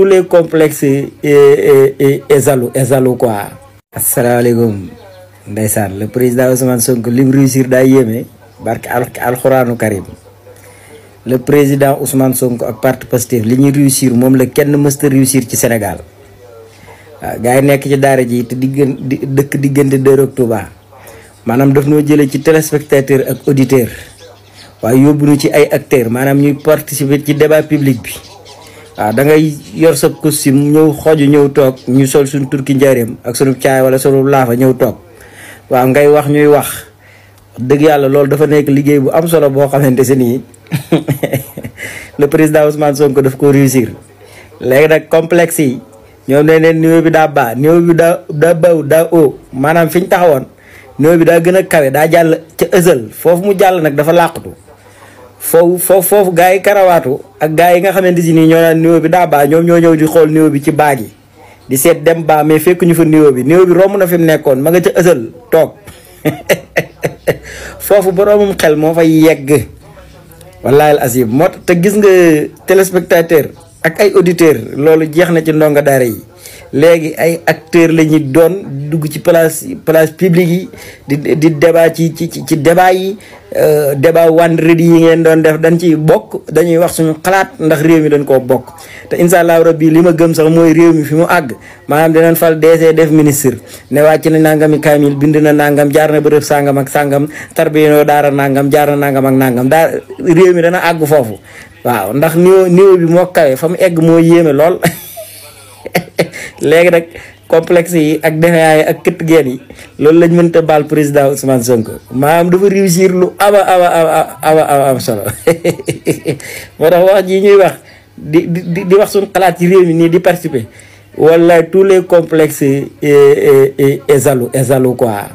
tous les complexes et et et zalo et zalo la président Ousmane Sonko lim réussir daa yéeme barke alxuraanu karim le président Ousmane Sonko ak parti Pastef li ñuy réussir moom la kenn mësta réussir ci Sénégal waaw gars nekk ci daara ji te diggan dëkk diggante Dóor ak maanaam daf noo jëlee ci téléspectateur ak auditeur waaye yóbbu nu ci ay acteurs maanaam ñu participer ci débat public bi. waaw da ngay yor sa costume ñëw xooj ñëw toog ñu sol suñ turki njaareem ak suñu caay wala sunu laafa ñëw toog waaw ngay wax ñuy wax dëgg yàlla loolu dafa nekk liggéey bu am solo boo xamante se nii le président Ousmane Sonko daf ko réussir léegi nag complexe yi ñoom ne neen niveau bi daa baa niveau bi daa daa baw daa o maanaam fi ñu taxawoon niveau bi daa gën a kawe daa jàll ca ësël foofu mu jàll nag dafa làqatu foofu foofu foofu gars yi karawaatu ak gars yi nga xamante si ni ñoo naan bi daa baa ñoom ñoo ñëw di xool néew bi ci baag yi di seet dem baa mais fekk ñu fa néew bi néew bi romb na fi mu nekkoon ma nga ca ësal toog foofu boroomum xel moo fay yegg wallahi al asib moo te gis nga téléspectateur ak ay auditeur loolu jeex na ci ndongo daara yi léegi ay acteurs la doon dugg ci place place publique yi di di débat ci ci ci débat yi euh, débat vendredi yi ngeen doon def dañ ciy bokk dañuy wax suñu xalaat ndax réew mi dañ koo bokk te incha allahu rabbi li ma gëm sax mooy réew mi fi mu àgg maanaam dinañ fal DC def ministre ne wàcc na nangami kaamil bind na nangam jaar na bërëb sangam ak sangam tarbiyénoo daara nangam jaar na nangam ak nangam daa réew mi dana àgg foofu waaw ndax niveau niveau moo kawe fa mu egg moo yéeme lool léegi nag complexe yi ak defeyaay ak këtt geen yi loolu lañ mënta baal président Ousmane Sonko maanaam dafa réussir lu ama ama ama ama am solo moo tax wax ji ñuy wax di di di wax suñ xalaat ci réew mi nii di participer wala tous les complexes et et et et quoi.